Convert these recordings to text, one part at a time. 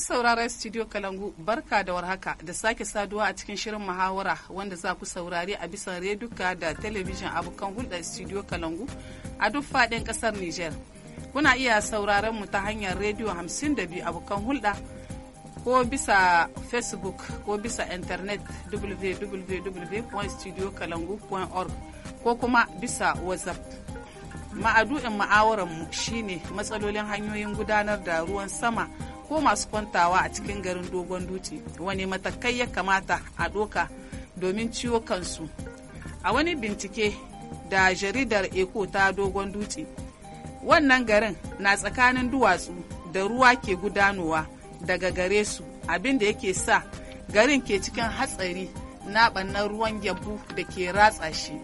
Masu sauraron Studio Kalangu barka da warhaka da sake saduwa a cikin shirin muhawara wanda za ku saurari a bisa reduka da telebijin abokan hulɗa Studio Kalangu a duk faɗin ƙasar Nijar. Kuna iya sauraron mu ta hanyar rediyo 52 abokan hulɗa ko bisa Facebook ko bisa internet www.studiokalangu.org ko kuma bisa WhatsApp. ma'adu'in mu shine matsalolin hanyoyin gudanar da ruwan sama ko masu kwantawa a cikin garin dogon dutse wani matakai ya kamata a doka domin ciwo kansu a wani bincike da jaridar eko ta dogon dutse wannan garin na tsakanin duwatsu da ruwa ke gudanowa daga gare su abin da yake sa garin ke cikin hatsari na ɓannar ruwan gyabu da ke ratsa shi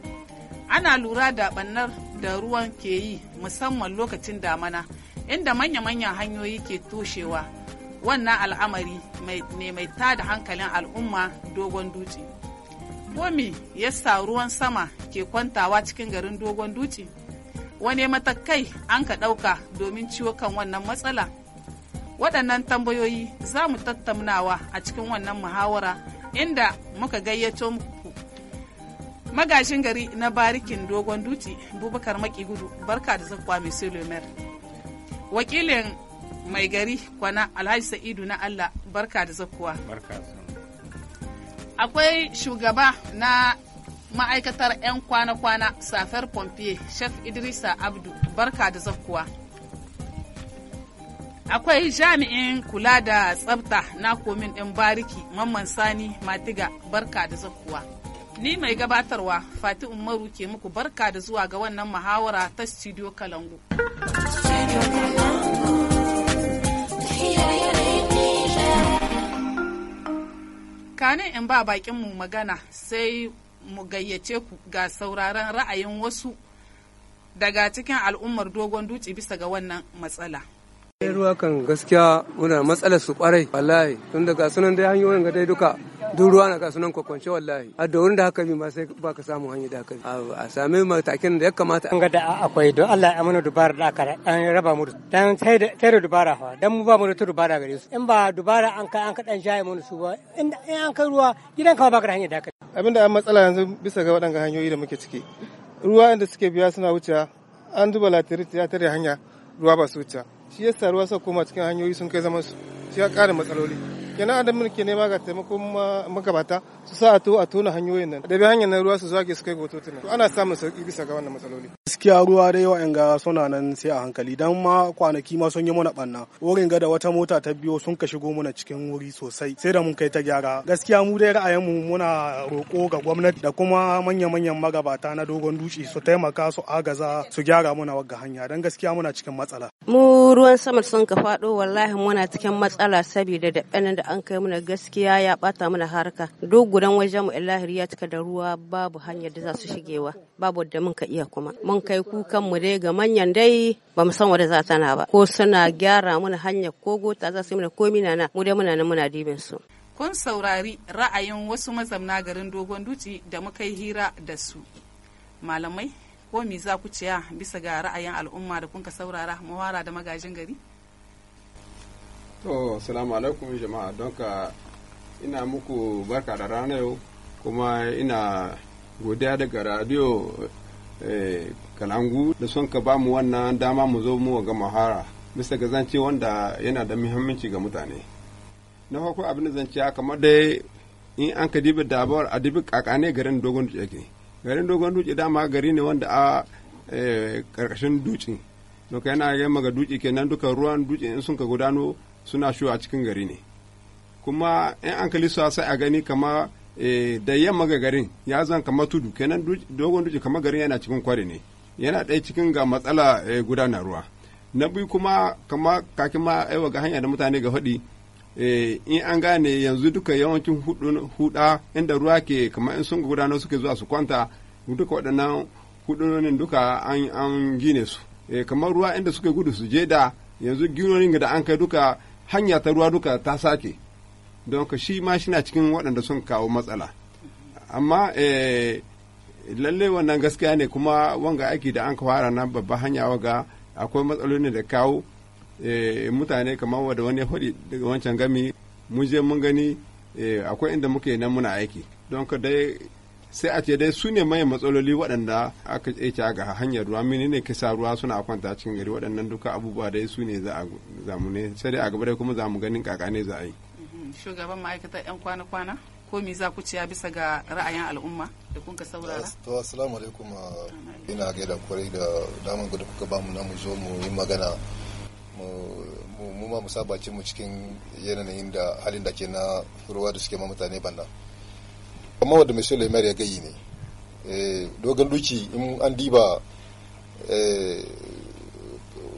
ana lura da ɓannar da ruwan ke yi musamman lokacin damana inda manya-manyan hanyoyi ke toshewa wannan al'amari ne mai tada hankalin al'umma dogon dutse komi ya sa ruwan sama ke kwantawa cikin garin dogon dutse wane matakai an ka ɗauka domin ciwo kan wannan matsala waɗannan tambayoyi za mu tattaunawa a cikin wannan muhawara inda muka gayyato muku magashin gari na barikin dogon dutse bubakar maki gudu barka da zakwa mai wakilin mai gari kwana alhaji sa'idu na allah barka da zakuwa akwai shugaba na ma'aikatar 'yan kwana-kwana safar pompier chef idrisa abdu barka da zakuwa akwai jami'in kula da tsabta na komin ɗin bariki mamman sani matiga barka da zakuwa ni mai gabatarwa fati umaru ke muku barka da zuwa ga wannan muhawara ta studio kalangu kane in ba bakin mu magana sai mu gayyace ku ga sauraron ra'ayin wasu daga cikin al'ummar dogon duci bisa ga wannan matsala. ruwa kan gaskiya muna matsalar su kwarai wallahi tun daga sunan dai hanyoyin ga dai duka duk ruwa na kasunan kwakwance wallahi a da wurin da haka bi ma sai ba ka samu hanyar da haka a sami matakin da ya kamata an ga da akwai don Allah ya amana dubara da aka an raba mu dan sai da dubara fa dan mu ba mu da dubara gare su in ba dubara an ka an ka dan jaye mu su ba in an kai ruwa gidan ka ba ka da hanyar da haka abinda an matsala yanzu bisa ga wadannan hanyoyi da muke ciki ruwa inda suke biya suna wuce an duba latirit ya tare hanya ruwa ba su wuce shi ya ruwa sa koma cikin hanyoyi sun kai zaman su shi ya ƙara matsaloli kenan adam ke nema ga taimakon magabata su sa a tona hanyoyin nan da bi hanyar ruwa su zage su kai gototuna to ana samun sauki bisa ga wannan matsaloli gaskiya ruwa yawa dai ga suna nan sai a hankali dan ma kwanaki ma sun yi mana banna wurin ga da wata mota ta biyo sun ka shigo mana cikin wuri sosai sai da mun kai ta gyara gaskiya mu dai mu muna roƙo ga gwamnati da kuma manya-manyan magabata na dogon duci su taimaka su agaza su gyara muna wagga hanya dan gaskiya muna cikin matsala mu ruwan sama sun ka faɗo wallahi muna cikin matsala saboda da da an kai mana gaskiya ya ɓata mana harka duk gudan wajen mu illahiri ya cika da ruwa babu hanyar da za su shigewa babu wadda mun ka iya kuma mun kai kukan mu dai ga manyan dai ba mu san wadda za ta na ba ko suna gyara mana hanyar ko gota za su yi mana komi na na mu dai muna nan muna dibin su kun saurari ra'ayin wasu mazamna garin dogon dutse da muka yi hira da su malamai ko me za ku ciya bisa ga ra'ayin al'umma da kun ka saurara mawara da magajin gari to salamu alaikum jama'a don ina muku barka da rana yau kuma ina godiya daga radio eh, kalangu da son ka bamu wannan dama mu zo mu ga mahara bisa ga zance wanda yana da muhimmanci ga mutane na farko abin da zance ya kamar dai in an ka dibi dabar a dibi kakane garin dogon dutse ke garin dogon dutse dama gari ne wanda a eh, karkashin dutse to kai yana yamma ga dutse kenan duka ruwan dutse in sun ka gudano suna shuwa cikin gari ne kuma in an ka lissa sai a gani kamar Eh, da yamma ga garin ya zan kama tudu kenan dogon duci kama garin yana cikin kware ne yana ɗaya cikin ga matsala eh, gudanar ruwa na biyu kuma kama kakin ma aiwa ga hanya da mutane ga faɗi eh, in an gane yanzu duka yawancin huda inda ruwa ke kama in sun gudanar suke zuwa su kwanta duka waɗannan hudunonin duka an gine su kamar ruwa inda suke gudu su je da yanzu ginonin da an kai duka hanya ta ruwa duka ta sake don ka shi ma shi na cikin waɗanda sun kawo matsala amma eh, lalle wannan gaskiya ne kuma wanga aiki da an ka fara na babban hanya waga akwai matsaloli da kawo eh, mutane kamar wadda wani hudi daga wancan gami mun je mun gani eh, akwai inda muke nan muna aiki don ka dai sai a ce dai su ne mai matsaloli waɗanda aka ce ga hanyar ruwa mini ne kisa ruwa suna kwanta cikin gari waɗannan duka abubuwa dai su ne za a ne sai dai a gaba dai kuma za mu ganin kaka ne za a yi shugaban ma'aikatar 'yan kwana-kwana ko me za ku ciya bisa ga ra'ayin al'umma da kun ka saurara? To assalamu alaikum ina gaida kwarai da damar da kuka bamu na mu zo mu yi magana mu ma mu mu cikin yanayin da halin da ke na ruwa da suke ma mutane banna. Amma wadda mai Suleiman ya gayi ne. Eh, dogon duki in an diba eh,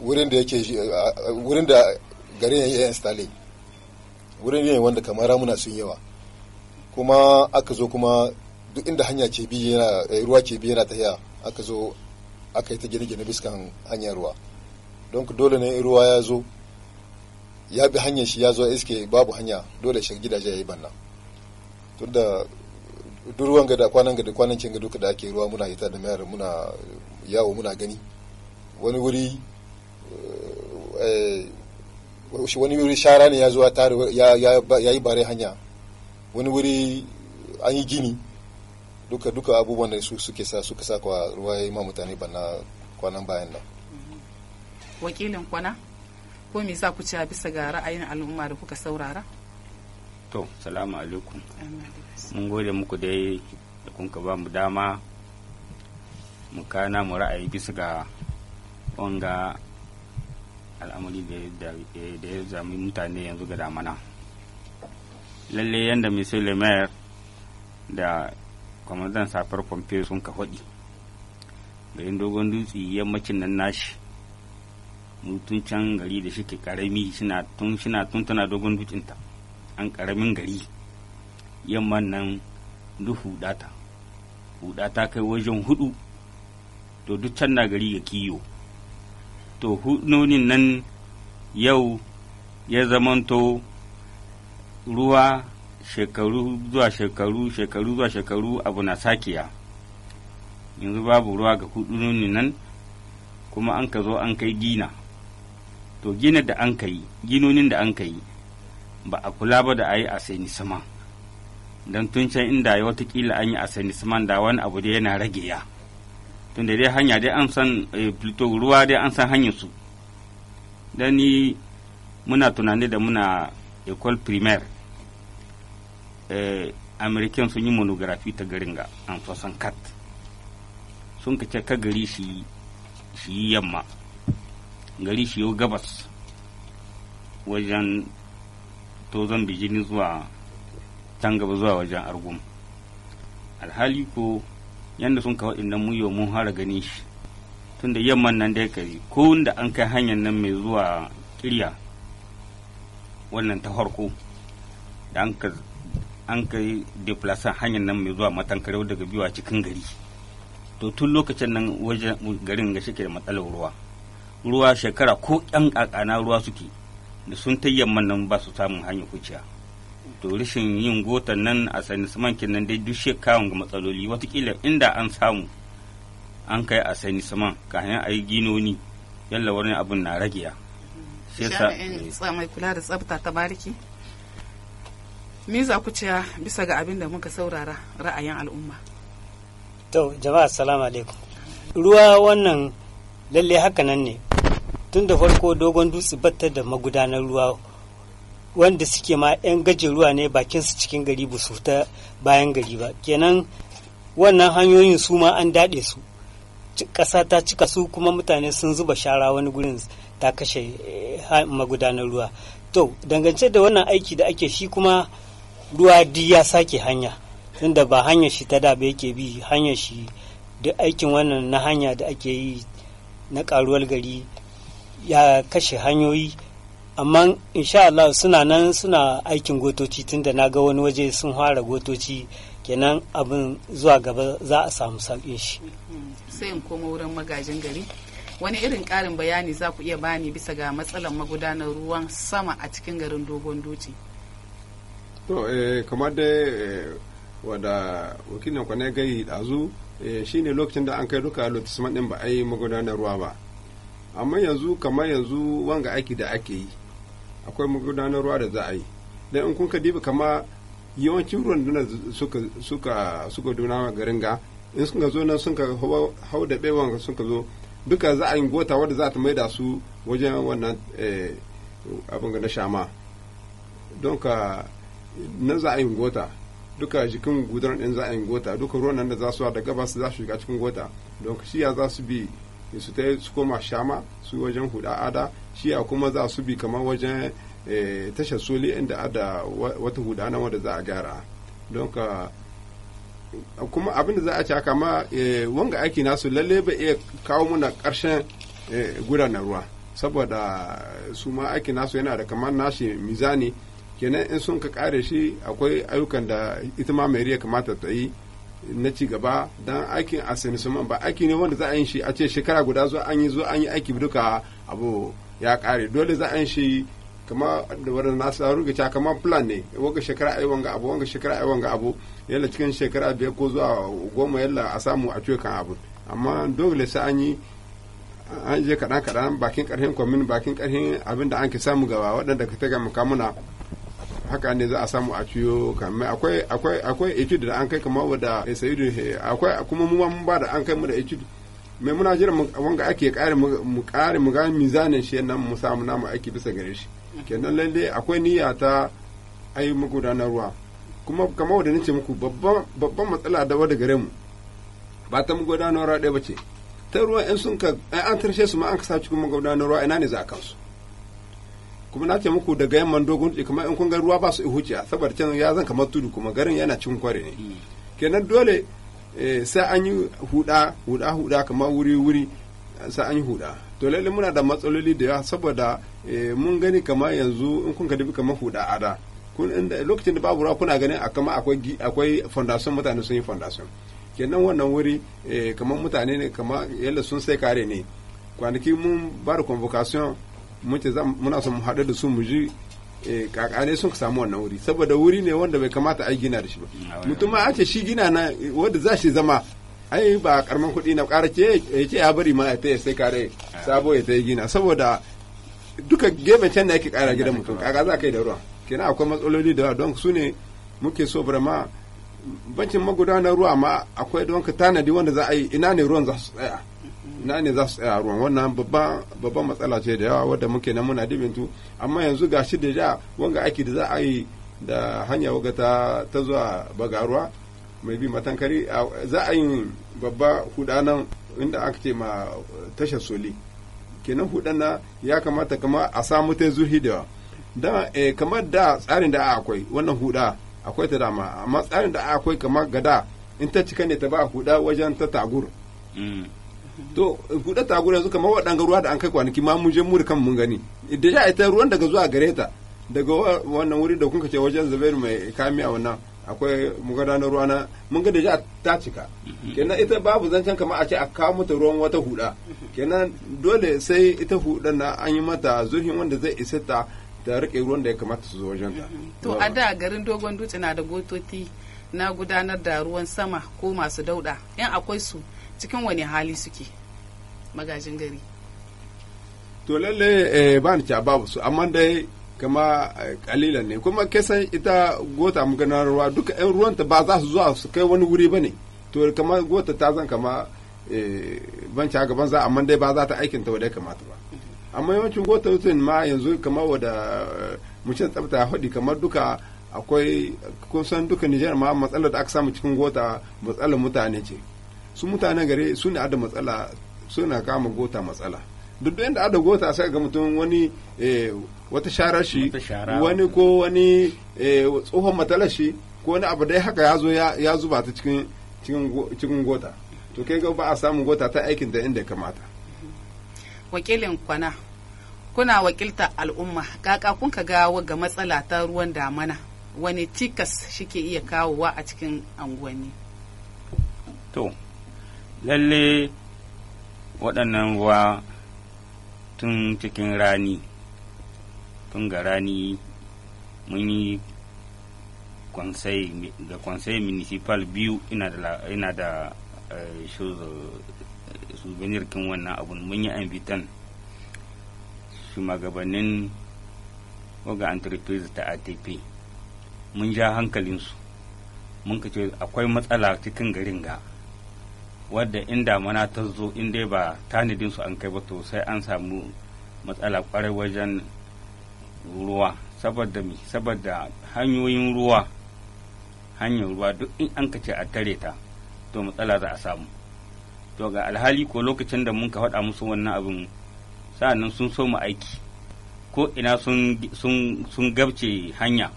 wurin da yake eh, wurin da garin ya yi wurin ne wanda kamar ramuna sun yawa kuma aka zo kuma duk inda hanya ke bi yana eh, ruwa ke bi yana tahiya aka zo aka yi ta gine-gine biskan hanyar ruwa don dole ne ruwa ya zo ya bi hanyar shi ya zo iske babu hanya dole shi gidaje ya yi banna tun da duruwan gada kwanan gada kwanan cin gado da ake ruwa muna hita da mayar muna yawo muna gani wani wuri eh, wani wuri shara ne ya zo ya yi bare hanya wani wuri an yi gini duka duka abubuwan da su suke sa suka sa kwa ruwa ya yi ma mutane bana kwanan bayan nan mhm. wakilin kwana ko me sa ku ci bisa ga ra'ayin al'umma da kuka saurara to salamu alaikum mun gode muku dai da kun ka ba mu dama mu kana mu ra'ayi bisa ga wanga al'amari da ya zami eh, mutane yanzu ga damana lalle yadda le maire da kwamandan safar kwamfe sun ka faɗi garin dogon dutse yammacin nan nashi mutum can gari da shi ke karami suna tun tana dogon dutsinta an karamin gari yamman nan duhu data hudata kai wajen hudu to duk can na gari ya kiyo to hudunonin nan yau ya zamanto ruwa shekaru zuwa shekaru shekaru zuwa shekaru abu na sakiya yanzu babu ruwa ga hudunonin nan kuma an ka zo an kai gina to gina da an kai ginonin da an kai ba a kula ba da a yi a sani sama don tun can inda ya watakila an yi a sani sama da wani abu da yana rage ya tunda dai hanya dai an san eh, ruwa dai an san hanyar su dan ni muna tunani da muna école primaire eh, american sun yi monography ta garin ga an san kat sun ka ce ka gari shi shi yamma gari shi yau gabas wajen tozon bijini zuwa can gaba zuwa wajen argum alhali ko yanda sun kawo inda mu yau mun hara gani shi tun da yamman nan da ya kari ko da an kai hanyar nan mai zuwa kirya wannan ta farko da an ka an kai deplasan hanyar nan mai zuwa matankarau daga a cikin gari to tun lokacin nan wajen garin ga shi da matsalar ruwa ruwa shekara ko yan kakana ruwa suke da sun ta yamman nan ba su samun hanyar kuciya to rashin yin gotan nan a sanisman kenan dai duk shekawun ga matsaloli watakila inda an samu an kai a ka kayan a yi ginoni yalla wani abun na rage ya shi yasa eh. mai kula da tsabta ta bariki mi za ku ciya bisa ga abin da muka saurara ra'ayin al'umma to jama'a assalamu alaikum ruwa wannan lalle haka nan ne tun da farko dogon dutse batta da magudanar ruwa wanda suke ma 'yan gajeruwa ne bakin su cikin gari ba su ta bayan gari ba kenan wannan hanyoyin su ma an daɗe su ƙasa ta cika su kuma mutane sun zuba shara wani gurin ta kashe eh, magudanar ruwa to dangance da wannan aiki da ake shi kuma ruwa di ya sake hanya tunda ba hanyar shi ta da ba yake bi hanyar shi duk aikin wannan na hanya da ake yi na karuwar gari ya kashe hanyoyi amma insha Allah suna nan suna aikin gotoci tunda na ga wani waje sun fara gotoci kenan abin zuwa gaba za a samu sauƙin shi sai in koma wurin magajin gari wani irin ƙarin bayani za ku iya bani bisa ga matsalar magudanar ruwan sama a cikin garin dogon doci to eh, kamar eh, da wada wakilin kwane gai ɗazu eh, shi ne lokacin da an kai duka lotisman ɗin ba a yi magudanar ruwa ba amma yanzu kamar yanzu wanga aiki da ake yi akwai magudanarwa da za a yi don in kun ka diba kama yawancin ruwan da suka suka suka duna garin ga in suka zo nan suka hau da bewan suka zo duka za a yi gota wadda za ta maida su wajen wannan eh, abin na shama don ka na za a yi gota duka jikin gudanar ɗin za a yi gota duka ruwan nan da za su da gabas za su shiga cikin gota don ka ya za su bi su ta su koma shama su wajen huda ada shi a kuma za su bi kamar wajen eh, tasha soli inda ada wata huda na wanda za a gyara don ka kuma abin da za a ci haka ma eh, wanga aiki nasu lalle ba iya kawo muna ƙarshen eh, gudanar ruwa saboda su ma aiki nasu yana da kamar nashi mizani kenan in sun ka kare shi akwai ayyukan da ita ma mai kamata ta yi na ci gaba don aikin asenisuman ba aiki ne wanda za a yi shi a ce shekara guda zuwa an yi zo an yi aiki duka abu ya kare dole za a yi shi kama da wadda na sa ruga kama plan ne wanga shekara ai wanga abu wanga shekara ai wanga abu yalla cikin shekara biyar ko zuwa goma yalla a samu a kan abu amma dole sai an yi an je kaɗan kaɗan bakin ƙarfin kwamin bakin ƙarfin abin da an ki samu gaba waɗanda ka taga mukamuna haka ne za a samu a ciyo kamar akwai akwai akwai etude da an kai kamar wadda sayidu akwai kuma mu mun ba da an kai mu da etude mai muna jira wanga ake kare mu kare mu ga mizanin shi nan mu samu namu aiki bisa gare shi kenan lalle akwai niyya ta ai Ruwa kuma kamar wadda nace muku babban babban matsala da wadda gare mu ba ta Ruwa ɗaya ba ce ta ruwa in sun ka an tarshe su ma an kasa cikin Ruwa ina ne za a kansu kuma na ce muku daga yamman dogon dutse kamar in kun ga ruwa ba su ciya saboda can ya zan kamar tudu kuma garin yana cin kware ne hmm. kenan dole eh, sai an yi huda huda huda kamar wuri wuri sai an yi huda to lalle muna da matsaloli da yawa saboda eh, mun gani kamar yanzu in kun ka dubi kamar huda a da kun inda lokacin da babu ruwa kuna ganin a kama akwai akwai fondation mutane sun yi fondation kenan wannan wuri eh, kamar mutane ne kamar yalla sun sai kare ne kwanaki mun ba da convocation muke muna son mu haɗu da su mu ji eh, kakane sun samu wannan wuri saboda wuri ne wanda bai kamata a gina da shi ba mm, mutum ma ce shi gina na wanda za shi zama ai ba karman kuɗi na ƙara ce ya ya bari ma ya ta sai kare ah. sabo ya ta gina saboda duka gefe can da yake ƙara gidan mutum kaka za ka yi da ruwa kenan akwai matsaloli da don su ne muke so ma bancin magudanar ruwa ma akwai don ka tanadi wanda za a yi ina ne ruwan za su tsaya ina ne za su tsaya ruwan wannan babban matsala ce da yawa wadda muke nan muna dibintu amma yanzu ga shi da ja wanga aiki da za a yi da hanya waga ta, ta zuwa bagaruwa mai bi matankari za a yi babba huda nan inda aka ce ma tashar soli kenan huda na ya kamata kama a samu ta zuhi da da eh, kamar da tsarin da akwai wannan huda akwai ta dama amma tsarin da akwai kamar gada in ta cika ne ta ba huda wajen ta tagur mm. to buɗe taguwar yanzu kamar waɗanga ruwa da an kai kwanaki ma mun je mu da kan mun gani da ya ita ruwan daga zuwa gare ta daga wannan wuri da kun ce wajen zubair mai kamiya wannan akwai na ruwa na mun ga da ya ta cika kenan ita babu zancen kamar a ce a kawo mata ruwan wata huda kenan dole sai ita hudan na an yi mata zurfin wanda zai isa ta ta rike ruwan da ya kamata su zo wajen ta to a da garin dogon dutse na da gototi na gudanar da ruwan sama ko masu dauda yan akwai su cikin wani hali suke magajin gari to lalle eh, ba ni ba su amma dai kama eh, kalilan ne kuma kesan ita gota maganar ruwa duka yan ruwanta ba za su zuwa su kai wani wuri ba ne to kama gota ta zan kama eh, ban ca gaban za amma dai ba za ta aikin ta wadai kamata ba amma yawancin gota wutan ma yanzu kama wada mucin tsabta ya haɗi kamar duka akwai kusan duka nijar ma matsalar da aka samu cikin gota matsalar mutane ce su mutanen gare suna da matsala suna kama gota matsala duk da yadda ada gota sai ga mutum wani eh, wata shara shi wani ko wani eh, tsohon matalashi ko wani abu dai haka ya zo ya zuba ta cikin gota to kai ga ba a samun gota ta aikin da inda kamata wakilin kwana kuna wakilta al'umma kaka kun ka ga ga matsala ta ruwan damana wani cikas shike iya kawowa a cikin anguwanni to lalle waɗannan ruwa tun cikin rani tun ga rani mun yi da conseil municipal biyu ina da eh, su eh, kin wannan abun mun yi invitan shugabannin waga entreprise ta atp mun ja hankalinsu mun ka ce akwai matsala cikin garin ga wadda inda mana ta zo in dai ba tanadin su an kai ba to sai an samu matsala kwarai wajen ruwa saboda mi saboda hanyoyin ruwa hanyar ruwa duk in an kace a tare ta to matsala za a samu to ga alhali ko lokacin da mun ka faɗa musu wannan abin sa'annan sun so mu aiki ko ina sun gabce hanya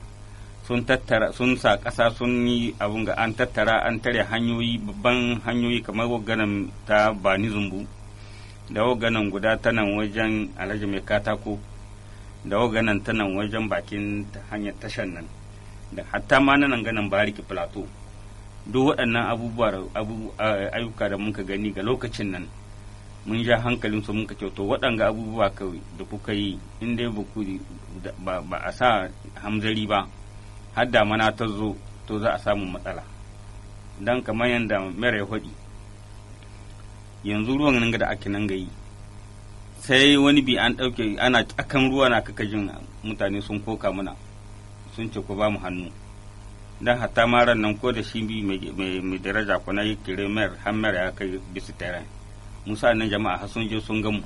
sun tattara sun sa ƙasa sun yi abun ga an tattara an tare hanyoyi babban hanyoyi kamar waganan ta bani zumbu da waganan guda ta nan wajen alhaji mai katako da waganan ta nan wajen bakin hanyar tashan nan da hatta ma na nan ganin bariki plateau duk waɗannan abubuwa ayyuka da muka gani ga lokacin nan mun ja hankalin su muka kyauto waɗanga abubuwa kawai da kuka yi in dai ba a sa hamzari ba har damana ta zo to za a samu matsala don kamar yadda mera ya faɗi yanzu ruwan nan da ake nan gayi sai wani bi an ɗauke ana akan ruwa na kaka jin mutane sun koka mana sun ce ku ba mu hannu don hatta maran nan ko da shi bi mai daraja ku na yi kire mer hammer ya kai bisu tare musa nan jama'a har sun je sun gamu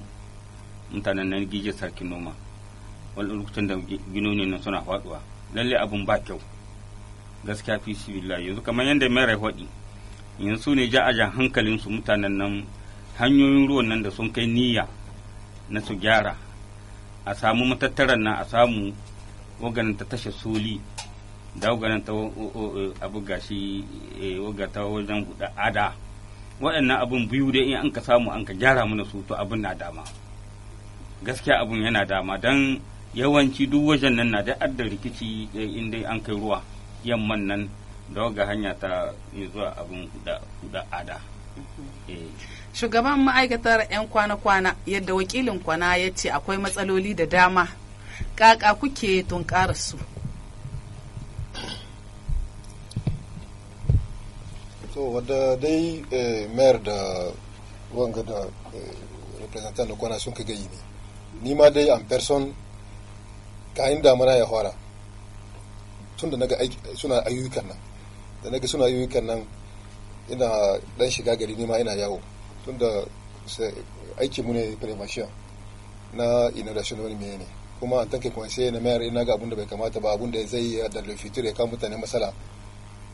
mutanen nan gije sarkin noma wani lokacin da ginoni nan suna faduwa lalle abun ba kyau gaskiya fi billahi yanzu kamar yadda mai waɗi yanzu ne ja a jan hankalinsu mutanen nan hanyoyin ruwan nan da sun kai niyya na su gyara a samu matattaran nan a samu waganin ta tashe soli da waganin ta abu gashi eh, ta wajen guda ada waɗannan abun biyu da in an ka samu an ka gyara mana su to abun na dama gaskiya abun yana dama don yawanci duk wajen nan na da addar rikici eh, in dai an kai ruwa yamman nan da ga hanya ta zuwa abin da ada mhm. eh. shugaban ma'aikatar 'yan kwana-kwana yadda wakilin kwana ya ce akwai matsaloli da dama kaka kuke tunkarar su to wadda dai eh, mayar da wanga da representant da kwana sun ka gayi ne ni ma dai an person kayan damana ya fara tun da naga suna ayyukan nan da naga suna ayyukan nan ina dan shiga gari ne ma ina yawo tun da aiki mu ne premation na innovation wani meye ne kuma an tanke kuma sai na mayar ina ga abun da bai kamata ba abun da zai yi da lafitir ya kan mutane masala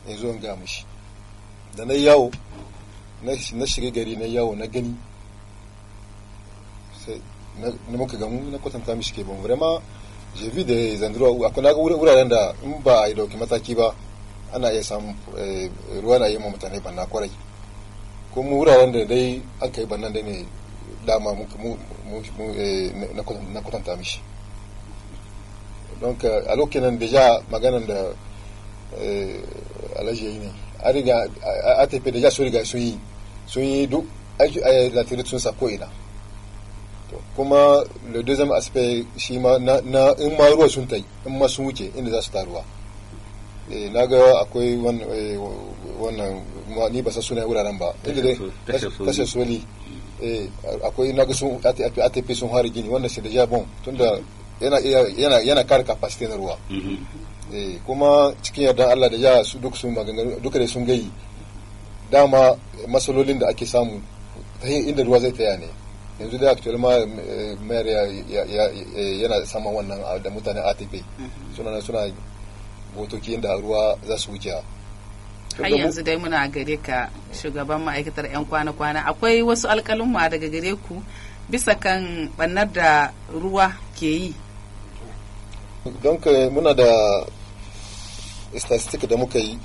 ya zo ga mushi da na yawo na shiga gari na yawo na gani sai na muka gamu na kwatanta mishi ke ban vraiment jefi da zandarwa akwai naga wuraren da in ba a yi dauki mataki ba ana iya samu eh, ruwa na yi ma mutane banna kwarai kuma wuraren da dai an kai banna da ne dama eh, na kwatanta mishi don ka a lokacin da ja maganan da eh, alaji yi ne a riga a tafi da ja sun riga sun yi sun yi duk aiki a latirit sun sa ko'ina kuma le deuxième aspect shi ma na in ma ruwa sun tai in ma sun wuce inda za su taruwa eh, na ga akwai eh, wannan ni ba san sunayen wuraren ba inda dai tashar soli eh, akwai na ga sun atp sun hari gini wanda sai da jabon tunda yana yana kare capacity na ruwa mm-hmm. kuma cikin yardan Allah da ya su duk sun maganganu duka da sun gayi dama masalolin da ake samu ta inda ruwa zai taya ne yanzu dai actual ma eh, mayar eh, yana sama wannan ah, da mutane atp mm-hmm. suna suna botoki da ruwa za su wuce har yanzu dai muna gare ka shugaban ma'aikatar 'yan kwana-kwana akwai wasu ma daga gare ku bisa kan bannar da ruwa ke yi don ka muna da statistics da muka yi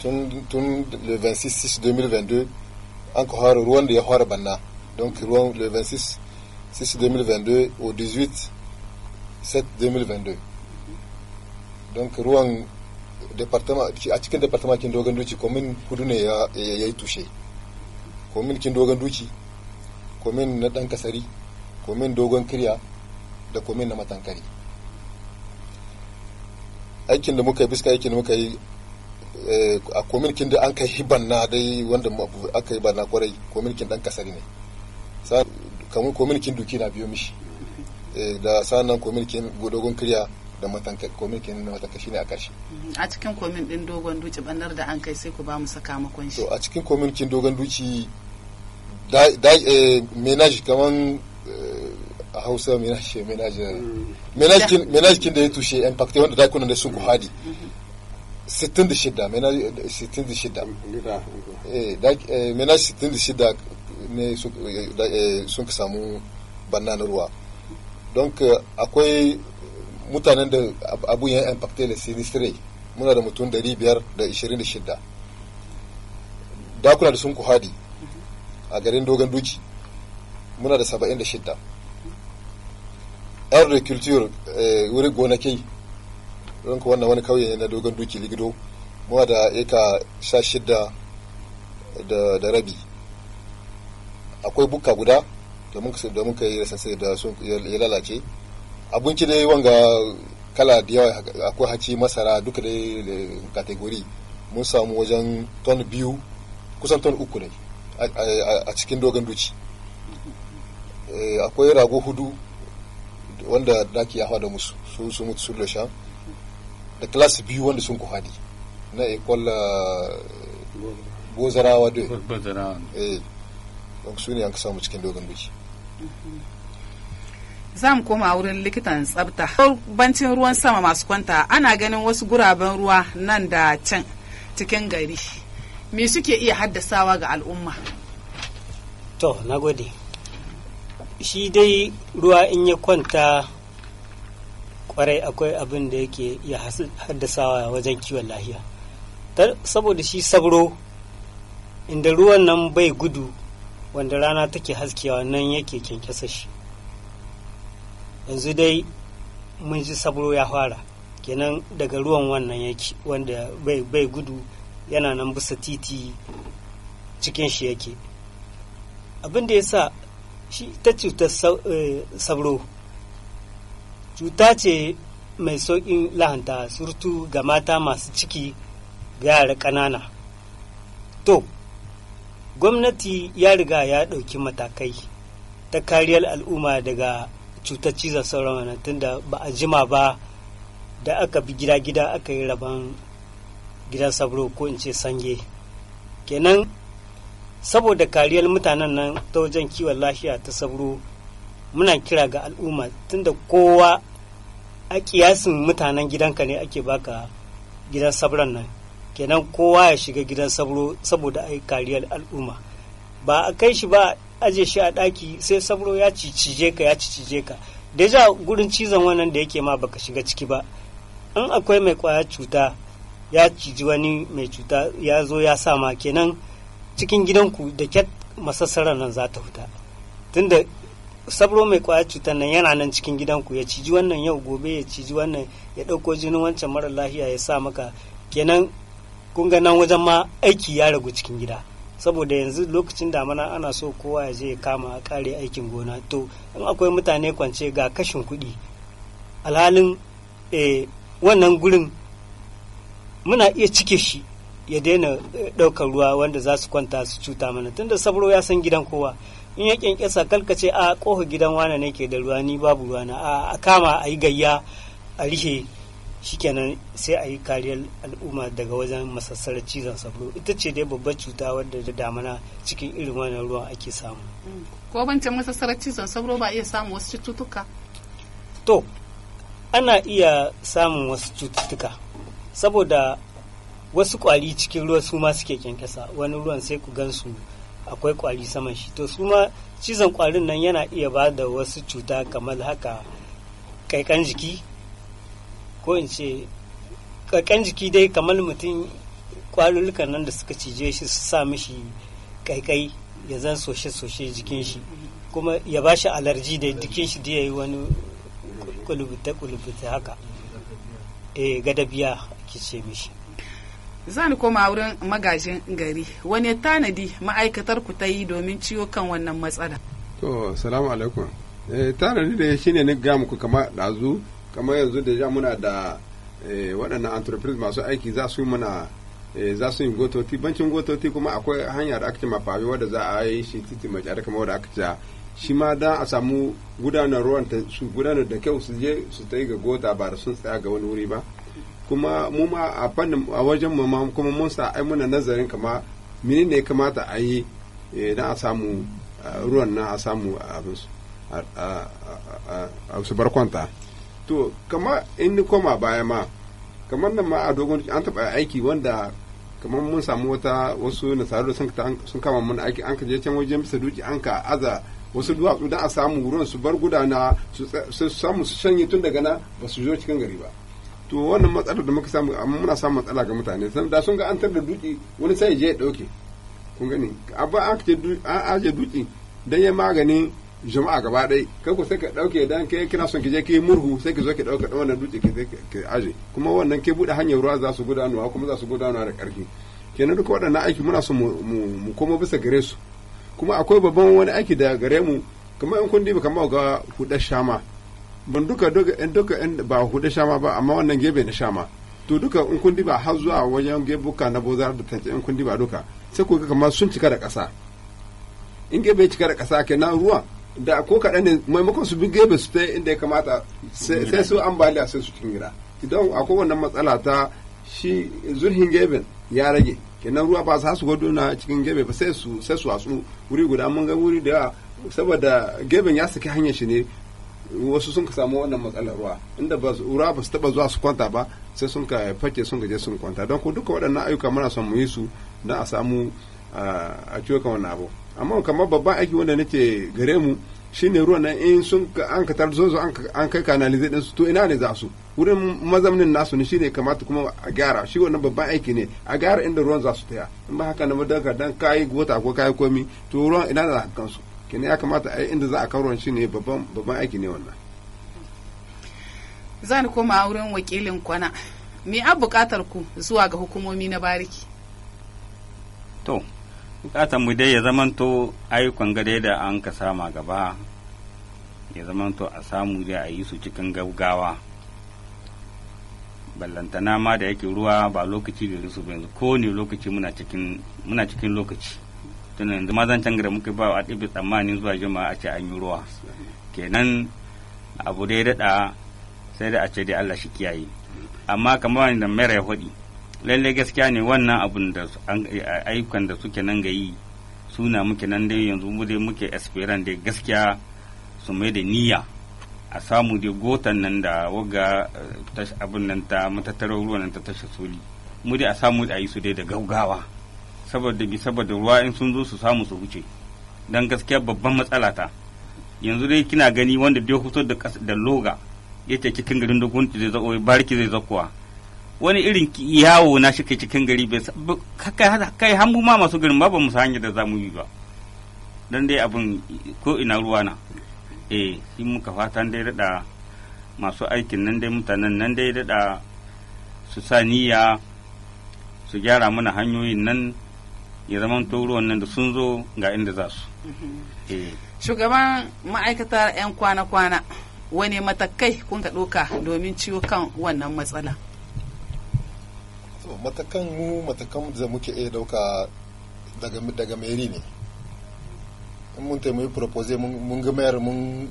tun 26-26 2022 an ka ruwan da ya fara banna donc le 26 6 2022 au 18 7 2022 donc Rouen département a cikin département kin dogon duci commune hudu ne ya yi tushe commune kin dogon duci commune na dan commune dogon kirya da commune na matankari aikin da muka yi biska aikin da muka yi eh, a kominkin da an kai hiban na dai wanda aka yi barna kwarai kominkin dan kasari ne kamun kominikin duki na biyo mishi eh, da sanan kominikin dogon kirya da matanka kominikin na matanka shine a karshe a cikin komin din dogon duci bannar da an kai sai ku ba mu makon shi to a cikin kominikin dogon duci da da eh, menage kaman eh, a hausa menage menage menage mm. menage kin da ya tushe impact wanda da kunan da sun ku hadi 66 menage 66 eh menage mm, mm. 66 ne eh, sun ka samu banna ruwa don akwai mutanen da abu ya impacte da sinistre muna da mutum 526 dakuna da sun ku hadi a garin dogon duci muna da 76 yar da culture eh, wurin gonakai don ku wannan wani kauye na dogon duki ligido muna da eka 16 da rabi akwai bukka guda da muka yi rasasai da sun ya lalace abinci dai wanga kala da yawa akwai haci masara duka dai kategori eh, mun samu wajen ton biyu kusan ton uku ne a cikin dogon duci eh, akwai rago hudu wanda daki ya hada musu su su mutu sun lasha da class biyu wanda sun ku hadi na ikola eh, bozarawa dai don su ne an ka samu cikin dogon biki za mu koma wurin likitan tsabta bancin ruwan sama masu kwanta ana ganin wasu guraben ruwa nan da can cikin gari me suke iya haddasawa ga al'umma to na gode shi dai ruwa in ya kwanta kwarai akwai abin da yake ya haddasawa wajen kiwon lahiya saboda shi sabro inda ruwan nan bai gudu wanda rana take haskewa nan yake kyankyasa shi yanzu dai mun ji sabro ya fara kenan daga ruwan wannan yake wanda bai, gudu yana nan bisa titi cikin shi yake abin da ya sa shi ta cutar eh, sabro cuta ce mai sauƙin lahanta surtu ga mata masu ciki ga yara ƙanana to gwamnati ya riga ya ɗauki matakai ta kariyar al'umma daga cutar cizon sauran wannan tunda ba a jima ba da aka bi gida-gida aka yi rabon gidan sabro ko in ce sange kenan saboda kariyar mutanen nan ta wajen kiwon lafiya ta sabro muna kira ga al'umma tunda kowa a kiyasin mutanen gidanka ne ake baka gidan sabron nan kenan kowa ya shiga gidan sabro saboda yi kariyar al'umma ba a kai shi ba aje shi a ɗaki sai sabro ya cicije ka ya cicije ka deja gurin cizon wannan da yake ma baka shiga ciki ba in akwai mai kwaya cuta ya ciji wani mai cuta ya zo ya sa ma kenan cikin gidanku da kyat masassarar nan za ta fita tunda sabro mai kwaya cutar nan yana nan cikin gidanku ya ciji wannan yau gobe ya ciji wannan ya ɗauko jinin wancan mara lafiya ya sa maka kenan kun ga nan wajen ma aiki ya ragu cikin gida saboda yanzu lokacin da damana ana so kowa ya je kama a kare aikin gona to in akwai mutane kwance ga kashin kuɗi alhalin eh, wannan gurin muna iya cike shi ya daina eh, ɗaukar ruwa wanda za su kwanta su cuta mana tunda sabro ya san gidan kowa in ya kyankyasa kalkace a ƙofa gidan wane ne ke da ruwa ni babu ruwa na a kama a yi gayya a rihe shikenan sai a yi kariyar al'umma daga wajen masassarar cizon sauro ita ce dai babbar cuta wadda da damana cikin irin wannan ruwan ake samu ko bancin masassarar cizon sauro ba iya samun wasu cututtuka to ana iya samun wasu cututtuka saboda wasu kwari cikin ruwa su ma suke kyankyasa wani ruwan sai ku gansu akwai kwari saman shi to su ma cizon kwarin nan yana iya ba da wasu cuta kamar haka kaikan jiki ko in ce kakan jiki dai kamar mutum kwalulukan nan da suka cije shi su sa mishi kaikai ya zan soshe-soshe jikin shi kuma ya ba shi alarji da jikin shi da ya yi wani kulubuta-kulubuta haka e gadabiya ke ce mishi zan koma wurin magajin gari wani tanadi ma'aikatar ku ta yi domin ciwo kan wannan matsala to salamu alaikum eh, tanadi da shine ne ni ga muku kama ɗazu kamar yanzu da ja muna da waɗannan entreprise masu aiki za su yi mana za su yi gototi bancin gototi kuma akwai hanya da aka ce mafabi wadda za a yi shi titi mai tsari kamar wadda aka ce shi ma dan a samu gudanar ruwan su gudanar da kyau su je su ta yi ga gota ba da sun tsaya ga wani wuri ba kuma mu ma a fannin a wajen mu ma kuma mun sa ai muna nazarin kama mini ne kamata a yi dan a samu ruwan nan a samu abin su a su bar kwanta to kama in ni koma baya ma kamar nan ma a dogon an taɓa aiki wanda kamar mun samu wata wasu nasaru sun kama mun aiki an ka can wajen bisa duki an ka aza wasu duwatsu don a samu wurin su bar gudana su samu su shanye tun daga na ba su zo cikin gari ba to wannan matsalar da muka samu amma muna samun matsala ga mutane da sun ga an tarda duki wani sai ya je ya dauke kun gani abba an aje duki dan ya magani jama'a gaba ɗai kai ku sai ka ɗauke dan kai kina son ki je ki murhu sai ki zo ki ɗauka ɗan wannan dutse ki aje kuma wannan ke bude hanyar ruwa za su gudanuwa kuma za su gudanuwa da ƙarfi kenan duka waɗannan aiki muna son mu koma bisa gare su kuma akwai babban wani aiki da gare mu kamar in kun dibi kamar ga hudar shama ban duka in duka in ba hudar shama ba amma wannan gebe na shama to duka in kun dibi har zuwa wajen gebuka na bozar da tance in kun a duka sai ku ga kamar sun cika da ƙasa in gebe cika da ƙasa kenan ruwa da ko kaɗan ne maimakon su bi gebe su ta inda ya kamata sai su ambaliya sai su cikin gida idan akwai wannan matsala ta shi zurhin geben ya rage kenan ruwa ba su gwado na cikin gebe ba sai su sai su watsu wuri guda mun ga wuri da saboda geben ya saki hanyar shi ne wasu sun ka samu wannan matsalar ruwa inda ba ruwa ba su taba zuwa su kwanta ba sai sun ka fake sun gaje sun kwanta don ko duka waɗannan ayyuka muna son mu yi su don a samu a ciwo kan wani abu amma kamar babban aiki wanda nake gare mu shine ruwan nan in sun an ka tar zozo an kai kanalize din su to ina ne za su wurin mazamnin nasu ne shine kamata kuma a gyara shi wannan babban aiki ne a gyara inda ruwan za su taya in ba haka na madaka dan kai gota ko kai komi to ruwan ina za ka kansu kene ya kamata a inda za a kawo ruwan shine babban babban aiki ne wannan zan koma a wurin wakilin kwana me a bukatar ku zuwa ga hukumomi na bariki to bukatar mu dai ya zamanto ayyukan gada da an ka sama gaba ya zamanto a samu dai a yi su cikin gaggawa ballantana ma da yake ruwa ba lokaci da su ba yanzu ko ne lokaci muna cikin muna cikin lokaci tun yanzu ma zan da muka ba a ɗibi tsammanin zuwa jima a ce an yi ruwa kenan abu dai daɗa sai da a ce dai Allah shi kiyaye amma kamar da mera ya faɗi lallai gaskiya ne wannan abun da ayyukan da suke nan ga yi suna muke nan dai yanzu mu dai muke esperan dai gaskiya su mai da niyya a samu dai gotan nan da waga eh, abin nan ta matattarar ruwan nan ta tashi soli mu dai a samu da yi su dai da gaugawa saboda bi saboda ruwa in sun zo su samu su wuce dan gaskiya babban matsala ta yanzu dai kina gani wanda dai hutar da loga yace cikin garin da gunti zai zako barki zai zakuwa wani irin yawo na shi kai cikin gari bai kai hamu ma masu garin ba ba mu hanyar da zamu yi ba dan dai abin ko ina ruwa na eh shi muka fata dai da masu aikin nan dai mutanen nan dai da su sa su gyara mana hanyoyin nan ya zama ruwan nan da sun zo ga inda za su mm-hmm. eh. shugaban ma'aikatar 'yan kwana-kwana wani matakai kun ka ɗoka domin ciwo kan wannan matsala matakan mu matakan da muke iya dauka daga daga meri ne in mun taimaki propose mun ga mayar mun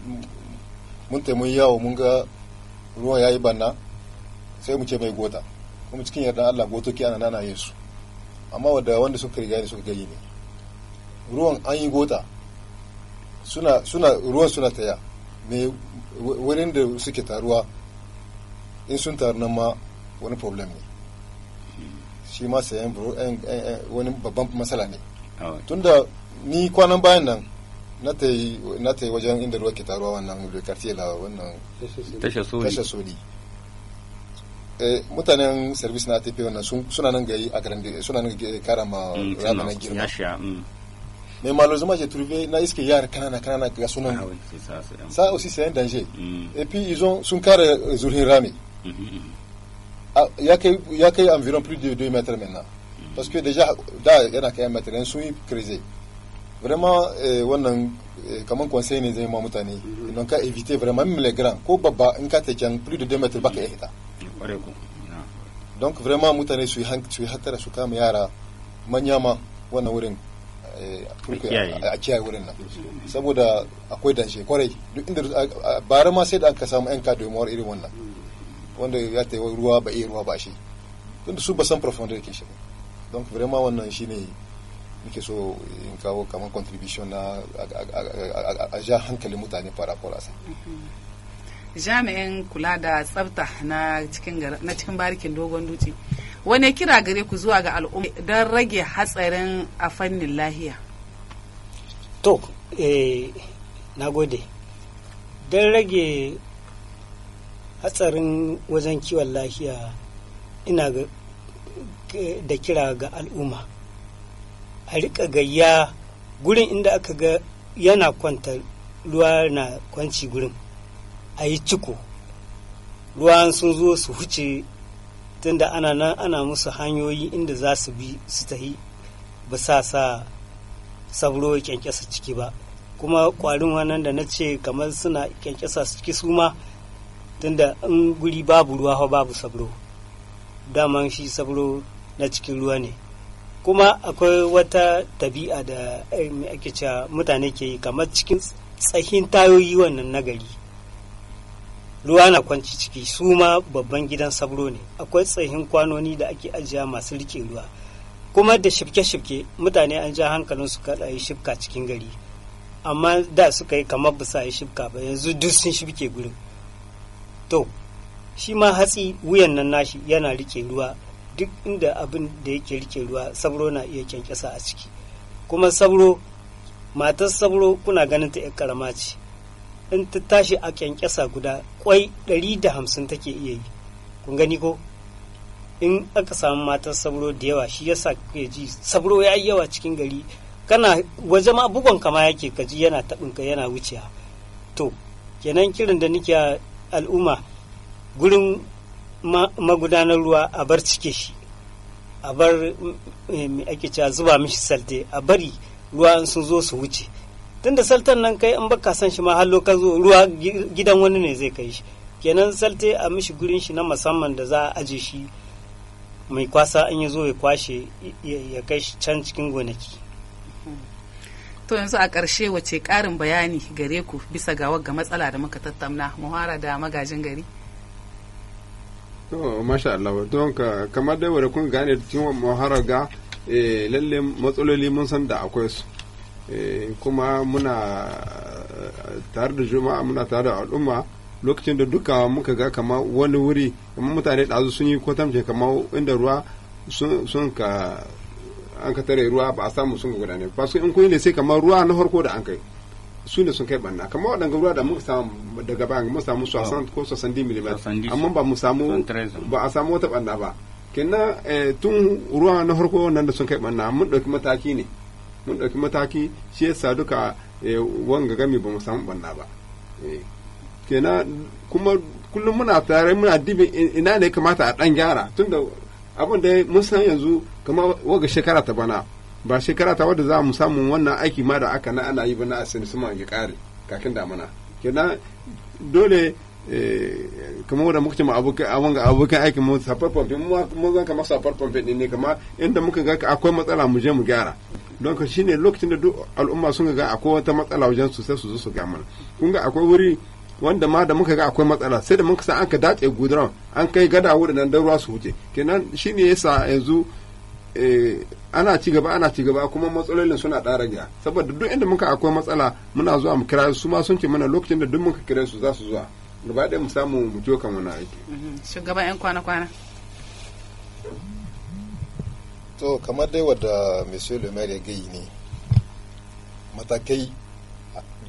mun taimaki yawo mun ga ruwan yayi banna sai mu ce mai gota kuma cikin yarda Allah ke ana nana yin su amma wanda wanda suka riga ne suka gani ne ruwan an yi gota suna suna ruwan suna taya me wurin da suke taruwa in sun taru nan ma wani problem ne shi ma sayan eh, eh, eh, wani babban matsala ne tunda ni kwanan bayan nan na ta yi wajen inda ruwa ke taruwa wannan lokaci la wannan tashe soli mutanen service na tafiya wannan suna nan gari a garin suna nan kara ma mm, rana na girma mais mm. malheureusement j'ai trouvé na iske yara kanana kanana ga sunan ça ah, mm. aussi sayan un danger et puis ils ont sun kara zurhin rami mm-hmm. Ah, a kai environ plus de 2 mètres maintenant parce que déjà da a kai mètre yan sun yi crise vraiment eh, wannan eh, kamar conseil ne zai ma mutane don mhm. ka éviter vraiment même les grands ko babba un cas can plus de 2 mètres bas que ça donc vraiment mutane su yi hatara su kama yara manya ma wannan wurin eh, a kiyaye wurin nan saboda akwai danshe kwarai duk inda bara ma sai da aka samu yan kadoyi mawar irin wannan mm. wanda ya ta ruwa ba iya ruwa ba shi tunda su ba san profondeur yake shi don vraiment wannan ne muke so in kawo kamar contribution na a ja hankalin mutane fara sa mhm. jami'in kula da tsafta na cikin barikin dogon dutse wane kira gare ku zuwa ga al'umma don rage hatsarin a fannin lahiya to eh, na gode don rage hatsarin wajen kiwon lafiya ina da kira ga al'umma a riƙa gayya gurin inda aka ga yana kwanta ruwa na kwanci gurin a yi ciko ruwan sun zo su huce tunda ana nan ana musu hanyoyi inda za su bi su tahi ba sa sa sabro kyankyasa ciki ba kuma kwarin wannan da na ce kamar suna kyankyasa ciki su ma tunda in guri babu ruwa ko babu sabro daman shi sabro na cikin ruwa ne kuma akwai wata tabi'a da eh, ake cewa mutane ke yi kamar cikin tsahin tayoyi wannan nagari ruwa na kwanci ciki su ma babban gidan sabro ne akwai tsahin kwanoni da ake ajiya masu rike ruwa kuma da shifke-shifke mutane an ja hankalin su kada yi shifka cikin gari amma da suka yi kamar bisa yi shifka ba yanzu duk sun shifke gurin to shi ma hatsi wuyan nan nashi yana rike ruwa duk inda abin da yake rike ruwa sabro na iya kyankyasa a ciki kuma sabro matar sabro kuna ganin ta karama ce in ta tashi a kyankyasa guda kwai 150 take iya yi kun gani ko in aka samu matar sabro da yawa shi yasa kuke ji sabro ya yi yawa cikin gari kana waje ma bugon kama yake kaji yana taɓinka yana wucewa to kenan kirin da nike al'umma gurin magudanar ruwa a bar cike shi a bar eh, mai ake cewa zuba mishi salte a bari ruwa in sun zo su wuce tunda saltan nan kai in baka san shi ma har lokacin zo ruwa gidan wani ne zai kai shi kenan salte a mishi gurin shi na musamman da za a aje shi mai kwasa in ya zo ya kwashe ya kai shi can cikin gonaki to yanzu a ƙarshe wace ƙarin bayani gare ku bisa ga wagga matsala da muka tattauna muhara da magajin gari to masha Allah don kamar dai wadda kun gane cikin muhara ga eh, lalle matsaloli mun san da akwai su eh, kuma muna eh, tare da juma'a muna tare da al'umma lokacin da duka muka ga kama wani wuri mutane ɗazu sun yi kwatamce kama inda ruwa sun ka an ka tare ruwa ba a samu sun ne ba su in kuyi ne sai kamar ruwa na harko da an kai su ne sun kai banna kamar waɗanda ruwa da mun samu daga bayan mun samu 60 ko 60 di amma ba mu samu ba a samu wata banna ba kina eh, tun ruwa na harko nan da sun kai banna mun ɗauki mataki ne mun ɗauki mataki shi sa duka eh, wanga gami ba mu samu banna ba eh, kina kuma kullum muna tare muna dibin ina ne kamata a ɗan gyara tunda abin da mun san yanzu kama waga shekara ta bana ba shekara ta wadda za mu samu wannan aiki ma da aka na ana yi bana a ma ya kare kakin damana kenan dole eh, kama wanda muka ce abokan abokan aikin mu safar pompe mu zan kama safar pompe din ne kama inda muka ga akwai matsala mu je mu gyara don ka shine lokacin da duk al'umma sun ga akwai wata matsala wajen su sai su zo su ga mana kun ga akwai wuri wanda ma da muka ga akwai matsala sai da muka san an ka dace guduran an kai gada wurin nan da ruwa su wuce kenan shine yasa yanzu eh, ana ci gaba ana ci gaba kuma matsalolin suna ɗara gya saboda duk inda muka akwai matsala muna zuwa mu kira su ma sun ce mana lokacin da duk muka kira su za su zuwa gaba ɗaya mu samu mu jo kan wani aiki. Mm-hmm. shugaban yan kwana-kwana. to kamar dai wadda monsieur le maire ya gayi ne matakai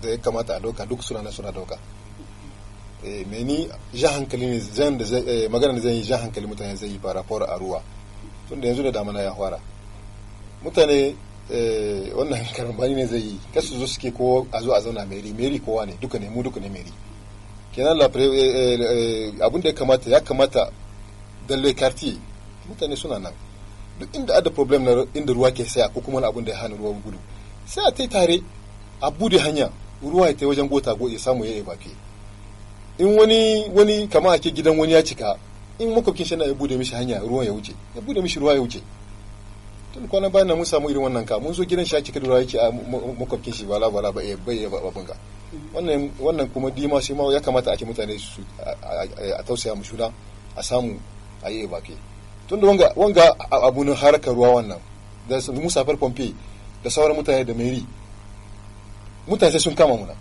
da ya kamata a ɗauka duk suna na suna ɗauka. Eh, me ni ja hankali ne zan da eh, magana da zan yi ja hankali mutane zai yi fara fara a ruwa tun da yanzu da damana ya fara mutane eh, wannan karambani ne zai yi kasu zo suke ko a zo a zauna meri meri kowa ne duka ne mu duka ne meri kenan la abin da ya kamata ya kamata dalle karti mutane suna nan duk inda ada problem na inda ruwa ke saya ko kuma abin da ya hana ruwa gudu sai a tai tare a bude hanya ruwa ya tai wajen gota go ya samu ya evacuate in wani wani kama ake gidan wani ya cika in makwabcin shana na ya bude mishi hanya ruwan ya wuce ya bude mishi ruwa ya wuce tun kwana bayan mun samu irin wannan ka mun zo gidan shi cika da ruwa yake a makwabcin shi bala bala ba bai eh, ba eh, bunga wannan wannan kuma dima shi ma ya kamata ake mutane su a tausaya mu shuda a samu a yi ke. tun da wanga wanga abunin harkar ruwa wannan da musafar pompe da sauran mutane da mairi mutane sai sun kama muna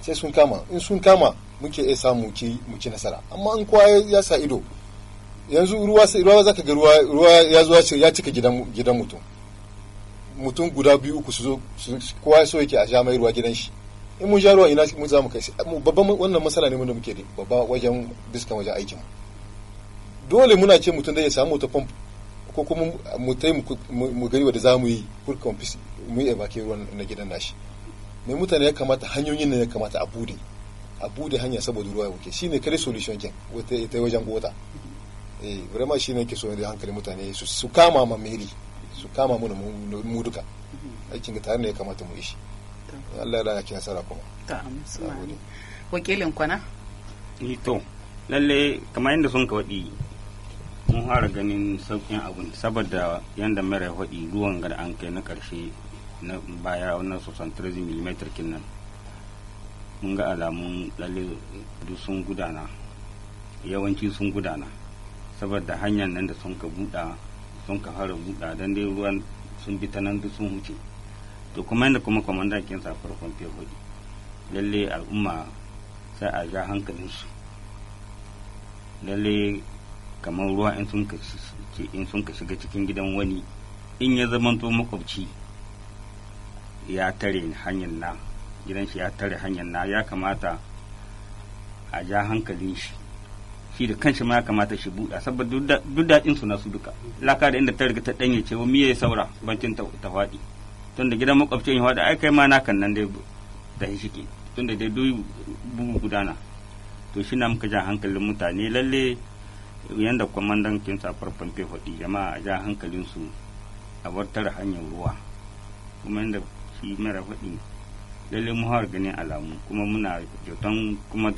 sai sun kama in sun kama muke iya samu mu ci nasara amma in kowa ya sa ido yanzu ruwa ruwa zaka ga ruwa ruwa ya zo ya cika gidan gidan mutum mutum guda biyu uku su zo kowa so yake a ja mai ruwa gidan shi in mun ja ruwa ina mun za mu kai babban wannan masala ne mun da muke da babba wajen biskan wajen aikin dole muna ce mutum da ya samu ta pump ko kuma mu tai mu gari wanda za mu yi kurkan mu yi ebake ruwan na gidan nashi mai mutane ya kamata hanyoyin ne ya kamata a bude a bude hanya saboda ruwa ya wuce shine kare solution kin wata ta wajen gota eh vraiment shine ke so da hankali mutane su kama ma meri su kama mu mu duka aikin ga tare ne ya kamata mu yi shi Allah ya ki nasara kuma wakilin kwana eh, to lalle kamar yadda sun ka waɗi mun fara ganin sauƙin abun saboda yadda mara waɗi ruwan ga an kai na ƙarshe na baya wannan sosan mm kin nan mun ga alamun lalle duk sun gudana yawanci sun gudana saboda hanyar nan da sun ka buɗa sun ka fara buɗa don dai ruwan sun bi ta nan duk sun huce to kuma yadda kuma kwamandan kin sa farkon fefoji lalle al'umma sai a ja su lalle kamar ruwa in sun ka shiga cikin gidan wani in ya zamanto makwabci ya tare hanyar na gidan shi ya tare hanyar na ya kamata a ja hankalin shi shi da kanshi ma ya kamata shi buɗa saboda duk daɗin su nasu duka laka da inda ta riga ta ɗanye ce ya yi saura bancin ta faɗi tun da gidan makwabcin ya da ai kai ma na kan nan dai da shi ke tun da dai duk bugu gudana to shi na muka ja hankalin mutane lalle yanda kwamandan kin safar famfe faɗi jama'a a ja hankalin su a wartar hanyar ruwa kuma yanda shi mara faɗi lalle mu har ganin alamu kuma muna kyautan kuma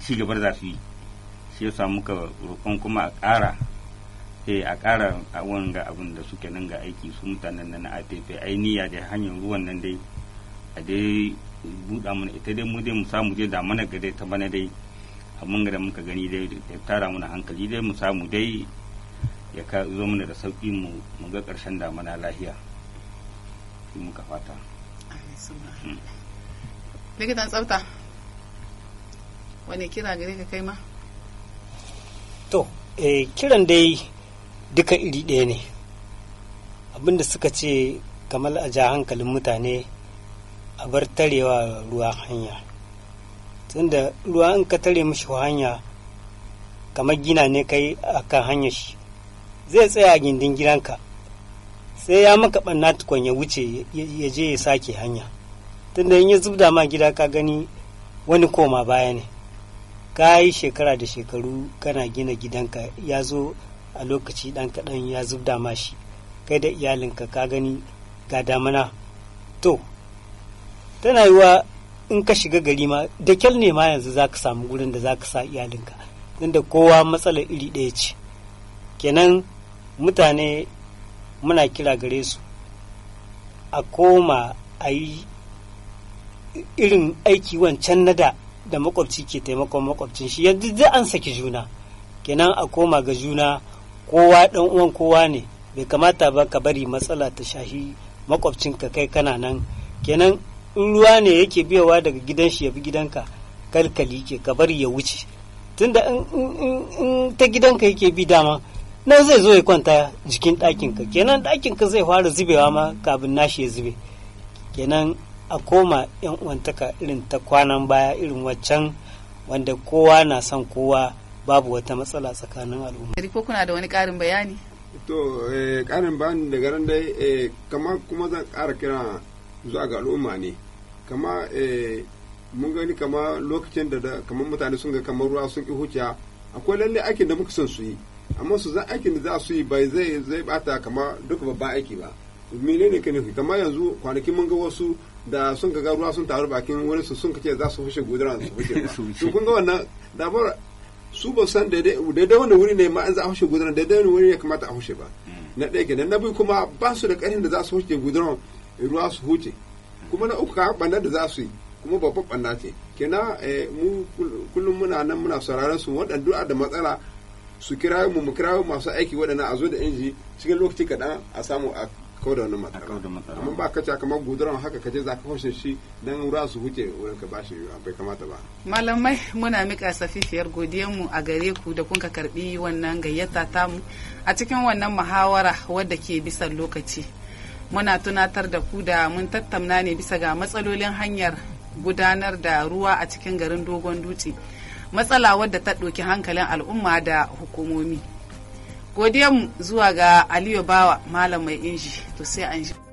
ci gaba za su yi shi yasa muka roƙon kuma a ƙara eh a ƙara wanga abin da suke nan ga aiki su mutanen nan na ATP ai niyya da hanyar ruwan nan dai a dai buɗa mana ita dai mu dai mu samu dai da mana ga dai ta bana dai abin da muka gani dai ya tara mana hankali dai mu samu dai ya ka zo mana da sauƙi mu ga ƙarshen damana lahiya muka fata. likitan tsafta wani kira gare ka kai ma to eh, kiran dai duka iri ɗaya ne abinda suka ce kamar a ja hankalin mutane a bar tarewa ruwa hanya tunda ruwa in ka tare mishi hanya kamar gina ne kai a kan hanyar shi zai tsaya a gindin gidanka sai ya maka ɓanna ya wuce ya je ya sake hanya tunda in ya zubda ma gida ka gani wani koma baya ne ka yi shekara da shekaru kana gina gidanka ya zo a lokaci ɗan kaɗan ya zubda ma shi kai da iyalinka ka gani ga damana to tana yiwa in ka shiga gari ma da kyal ne ma yanzu za ka samu gurin da za ka sa iyalinka tunda kowa matsalar iri ɗaya ce kenan mutane muna kira gare su a koma a yi irin aiki wancan na da da makwabci ke taimakon makwabcin shi yanzu zai an saki juna kenan a koma ga juna kowa dan uwan kowa ne bai kamata ba ka bari matsala ta shahi ka kai kana nan kenan in ruwa ne yake biyawa daga gidan shi ya bi gidanka kalkali ke ka bari ya wuce tunda in ta gidanka yake bi dama nan zai zo ya kwanta jikin ɗakinka kenan ɗakinka zai fara zubewa ma kafin nashi ya zube kenan a koma yan uwantaka irin ta kwanan baya irin waccan wanda kowa na son kowa babu wata matsala tsakanin al'umma. ko kuna da wani ƙarin bayani? To, eh, ƙarin bayani da garin dai, eh, kama kuma zan ƙara kira zuwa ga al'umma ne. Kama eh, mun gani kama lokacin da kamar mutane sun ga kamar ruwa sun ƙi huciya, akwai lalle aikin da muka son su yi. Amma su zan aikin da za su yi bai zai zai bata kama duka babban aiki ba. Menene ka nufi? Kama yanzu kwanakin mun ga wasu da sun ga ruwa sun taru bakin wurin su sun kace za su fushe guduran su fushe su kun ga wannan da ba su ba san da da wani wuri ne ma an za a fushe guduran da da wani wuri kuma kamata a fushe ba mm. na ɗaya kenan na biyu kuma ba su da ƙarfin da za su fushe guduran ruwa su huce kuma na uku ka ɓanna da za su yi kuma babban ɓanna ce kenan eh, mu kullum muna nan muna sauraron su waɗanda da matsala su kira mu mu kira masu aiki waɗannan a zo da inji cikin lokaci kaɗan a samu a ko da wani matsala amma ba ka ci kamar guduran haka ka je za ka hoshin shi don su huce wurin ka bashi bai kamata ba malamai muna mika safifiyar godiyar mu a gare ku da kun ka karbi wannan gayyata ta mu a cikin wannan muhawara wadda ke bisa lokaci muna tunatar da ku da mun tattauna ne bisa ga matsalolin hanyar gudanar da ruwa a cikin garin dogon dutse matsala wadda ta ɗauki hankalin al'umma da hukumomi mu zuwa ga Aliyu Bawa, malam mai inji, to sai an ji.